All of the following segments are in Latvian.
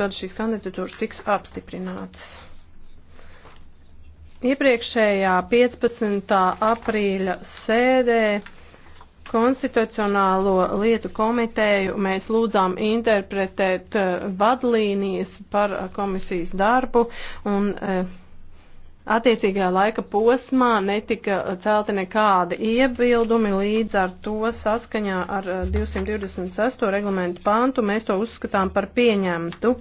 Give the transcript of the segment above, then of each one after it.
tad šīs kandidatūras tiks apstiprinātas. Iepriekšējā 15. aprīļa sēdē Konstitucionālo lietu komiteju mēs lūdzām interpretēt eh, vadlīnijas par eh, komisijas darbu un eh, Attiecīgajā laika posmā netika celti nekādi iebildumi, līdz ar to saskaņā ar 226. Eh, reglamentu pāntu mēs to uzskatām par pieņemtu.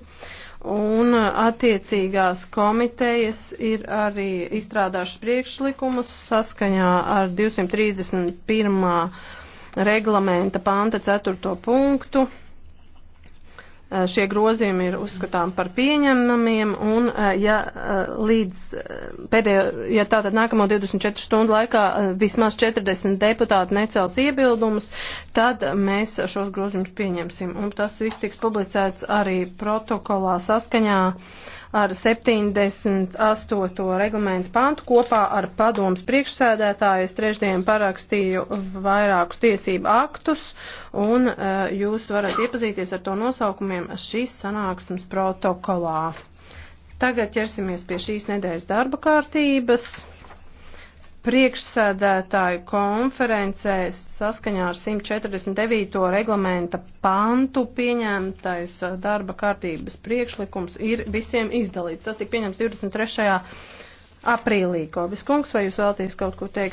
Un eh, attiecīgās komitejas ir arī izstrādājušas priekšlikumus saskaņā ar 231. reglamenta panta 4. punktu. Eh, šie grozījumi ir uzskatām par pieņemamiem, un eh, ja eh, līdz pēdējo, ja tātad nākamo 24 stundu laikā vismaz 40 deputāti necels iebildumus, tad mēs šos grozījumus pieņemsim. Un tas viss tiks publicēts arī protokolā saskaņā ar 78. reglamentu pantu kopā ar padomas priekšsēdētāju. Es trešdien parakstīju vairākus tiesību aktus, un eh, jūs varat iepazīties ar to nosaukumiem šīs sanāksmes protokolā. Tagad ķersimies pie šīs nedēļas darba kārtības priekšsēdētāju konferencē saskaņā ar 149. reglamenta pantu pieņemtais uh, darba kārtības priekšlikums ir visiem izdalīts. Tas tika pieņemts 23. aprīlī. Kovis kungs, vai jūs vēlaties kaut ko teikt?